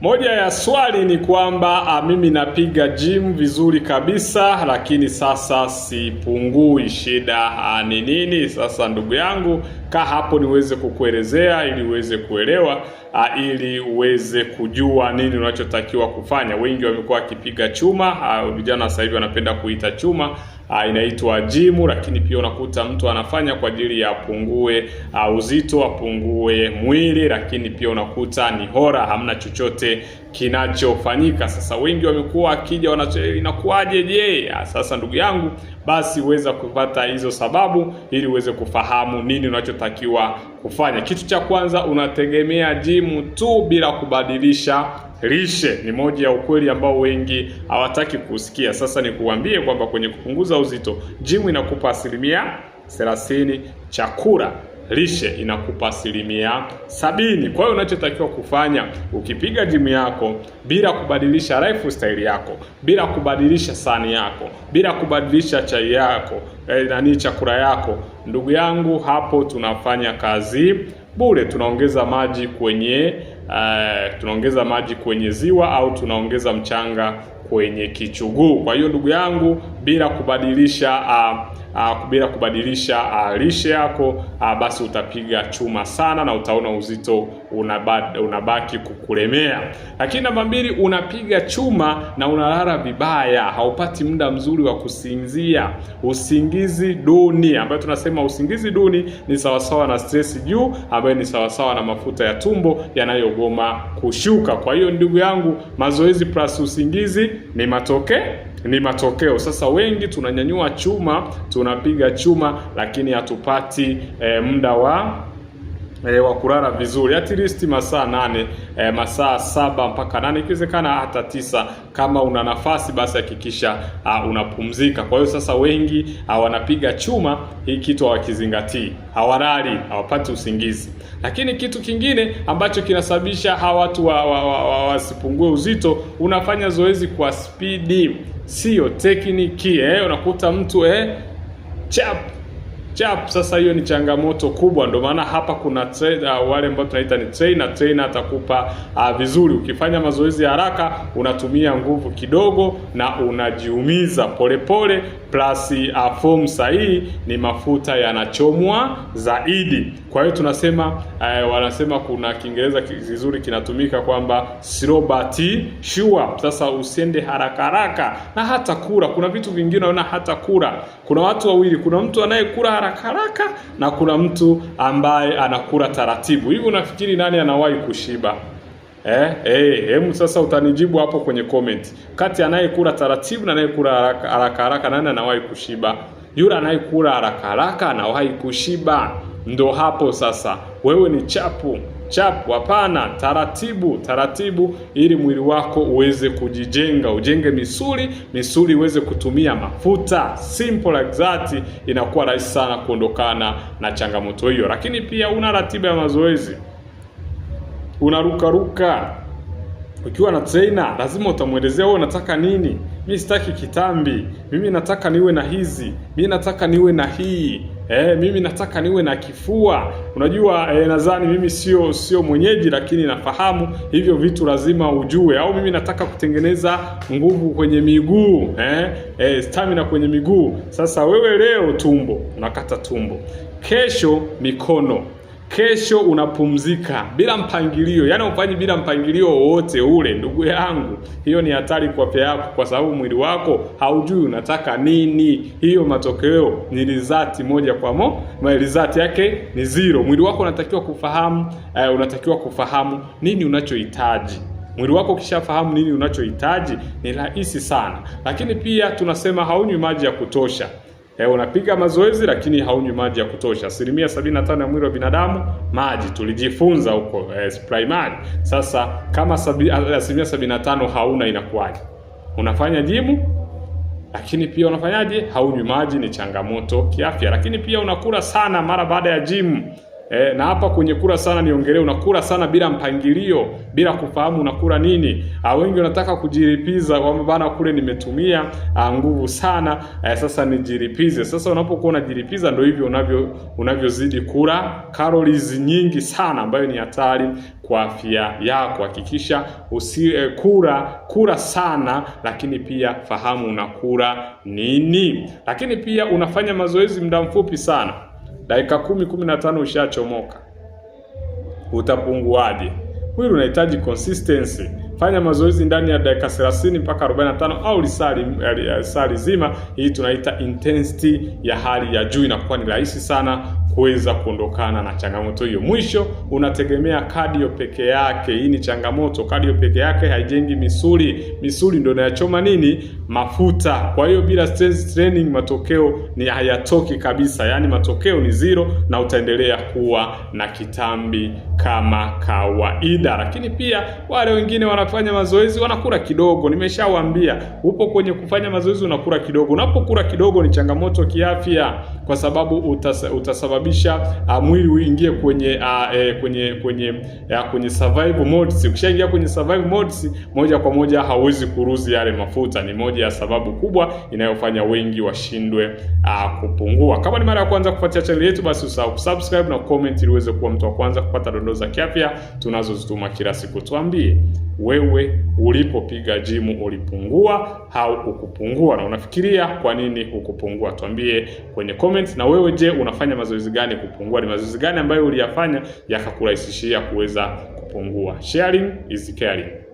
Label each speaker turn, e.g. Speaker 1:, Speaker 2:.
Speaker 1: Moja ya swali ni kwamba ah, mimi napiga gym vizuri kabisa, lakini sasa sipungui, shida ah, ni nini? Sasa ndugu yangu, kaa hapo niweze kukuelezea ili uweze kuelewa a, ah, ili uweze kujua nini unachotakiwa kufanya. Wengi wamekuwa wakipiga chuma, vijana sasa hivi wanapenda kuita chuma Ah, inaitwa jimu, lakini pia unakuta mtu anafanya kwa ajili ya apungue ah, uzito, apungue mwili, lakini pia unakuta ni hora, hamna chochote kinachofanyika. Sasa wengi wamekuwa akija wanacho eh, inakuwaje? Je, ah, sasa ndugu yangu, basi uweza kupata hizo sababu ili uweze kufahamu nini unachotakiwa kufanya. Kitu cha kwanza, unategemea jimu tu bila kubadilisha Lishe ni moja ya ukweli ambao wengi hawataki kusikia. Sasa nikuambie kwamba kwenye kupunguza uzito, jimu inakupa asilimia thelathini, chakula lishe inakupa asilimia sabini. Kwa hiyo unachotakiwa kufanya ukipiga jimu yako bila kubadilisha lifestyle yako, bila kubadilisha sani yako, bila kubadilisha chai yako, eh, nani chakula yako, ndugu yangu, hapo tunafanya kazi bure, tunaongeza maji kwenye uh, tunaongeza maji kwenye ziwa au tunaongeza mchanga kwenye kichuguu. Kwa hiyo ndugu yangu, bila kubadilisha uh, uh, bila kubadilisha uh, lishe yako uh, basi utapiga chuma sana na utaona uzito unabaki unabaki kukulemea. Lakini namba mbili, unapiga chuma na unalala vibaya, haupati muda mzuri wa kusinzia, usingizi duni ambayo tunasema usingizi duni ni sawasawa na stress juu, ambayo ni sawasawa na mafuta ya tumbo yanayogoma kushuka. Kwa hiyo ndugu yangu, mazoezi plus usingizi ni matokeo ni matokeo. Sasa wengi tunanyanyua chuma, tunapiga chuma, lakini hatupati e, muda wa E, wa kulala vizuri at least masaa nane e, masaa saba mpaka nane ikiwezekana hata tisa. Kama una nafasi basi hakikisha ah, unapumzika. Kwa hiyo sasa wengi ah, wanapiga chuma, hii kitu hawakizingatii, hawalali, hawapati usingizi. Lakini kitu kingine ambacho kinasababisha hawa watu wasipungue wa, wa, wa, uzito, unafanya zoezi kwa spidi, sio tekniki eh, unakuta mtu eh chap chap. Sasa hiyo ni changamoto kubwa, ndio maana hapa kuna tra uh, wale ambao tunaita ni trainer. Trainer atakupa uh, vizuri. Ukifanya mazoezi haraka unatumia nguvu kidogo na unajiumiza polepole pole, plus fomu sahihi, ni mafuta yanachomwa zaidi. Kwa hiyo tunasema uh, wanasema kuna Kiingereza kizuri kinatumika kwamba slow but sure. Sasa usiende haraka haraka, na hata kula, kuna vitu vingine unaona, hata kula, kuna watu wawili, kuna mtu anayekula haraka haraka na kuna mtu ambaye anakula taratibu. Hivi unafikiri nani anawahi kushiba? Eh, eh, hemu sasa utanijibu hapo kwenye comment. Kati anayekula taratibu na anayekula haraka haraka haraka nani anawahi kushiba? Yule anayekula haraka haraka anawahi kushiba. Ndo hapo sasa. Wewe ni chapu, chapu hapana, taratibu taratibu, ili mwili wako uweze kujijenga, ujenge misuli, misuli iweze kutumia mafuta. Simple like that, inakuwa rahisi sana kuondokana na changamoto hiyo. Lakini pia una ratiba ya mazoezi unarukaruka ukiwa na trainer lazima utamwelezea wewe unataka nini. Mi sitaki kitambi, mimi nataka niwe na hizi, mi nataka niwe na hii e, mimi nataka niwe na kifua. Unajua e, nadhani mimi sio sio mwenyeji, lakini nafahamu hivyo vitu lazima ujue. Au mimi nataka kutengeneza nguvu kwenye miguu eh, e, stamina kwenye miguu. Sasa wewe leo tumbo unakata tumbo, kesho mikono kesho unapumzika bila mpangilio, yaani ufanyi bila mpangilio wowote ule, ndugu yangu, hiyo ni hatari kwa afya yako, kwa sababu mwili wako haujui unataka nini. Hiyo matokeo ni rizati moja kwa mo, rizati yake ni zero. Mwili wako unatakiwa kufahamu uh, unatakiwa kufahamu nini unachohitaji mwili wako ukishafahamu nini unachohitaji ni rahisi sana, lakini pia tunasema haunywi maji ya kutosha. E, unapiga mazoezi lakini haunywi maji ya kutosha. Asilimia 75 ya mwili wa binadamu maji, tulijifunza huko e, primary. Sasa kama asilimia 75 hauna inakuwaje? Unafanya jimu lakini pia unafanyaje? Haunywi maji, ni changamoto kiafya. Lakini pia unakula sana mara baada ya jimu. E, na hapa kwenye kura sana niongelee, unakula sana bila mpangilio, bila kufahamu unakula nini. A, ah, wengi wanataka kujiripiza kwamba bana kule nimetumia ah, nguvu sana a, eh, sasa nijiripize Sasa unapokuwa unajiripiza ndio hivyo unavyo unavyozidi kula calories nyingi sana, ambayo ni hatari kwa afya yako. Hakikisha usi e, eh, kula kula sana, lakini pia fahamu unakula nini, lakini pia unafanya mazoezi muda mfupi sana dakika kumi kumi na tano ushachomoka, utapunguaje? Mwili unahitaji consistency. Fanya mazoezi ndani ya dakika 30 mpaka 45 au lisali zima. Hii tunaita intensity ya hali ya juu, inakuwa ni rahisi sana kuweza kuondokana na changamoto hiyo. Mwisho unategemea cardio peke yake. Hii ni changamoto, cardio peke yake haijengi misuli. Misuli ndio inayochoma nini? Mafuta. Kwa hiyo bila strength training matokeo ni hayatoki kabisa, yaani matokeo ni zero na utaendelea kuwa na kitambi kama kawaida, lakini pia wale wengine wanafanya mazoezi wanakula kidogo. Nimeshawaambia upo kwenye kufanya mazoezi, unakula kidogo. Unapokula kidogo ni changamoto kiafya, kwa sababu utas, utasababisha uh, mwili uingie kwenye uh, eh, kwenye kwenye uh, kwenye survival modes. Ukishaingia kwenye survival modes, moja kwa moja hauwezi kuruzi yale mafuta. Ni moja ya sababu kubwa inayofanya wengi washindwe uh, kupungua. Kama ni mara ya kwanza kufuatia channel yetu, basi usahau kusubscribe na comment ili uweze kuwa mtu wa kwanza kupata dondoo dondoo za kiafya tunazozituma kila siku. Tuambie wewe ulipopiga jimu ulipungua au ukupungua, na unafikiria kwa nini ukupungua? Tuambie kwenye comments. Na wewe je, unafanya mazoezi gani kupungua? Ni mazoezi gani ambayo uliyafanya yakakurahisishia kuweza kupungua? Sharing is caring.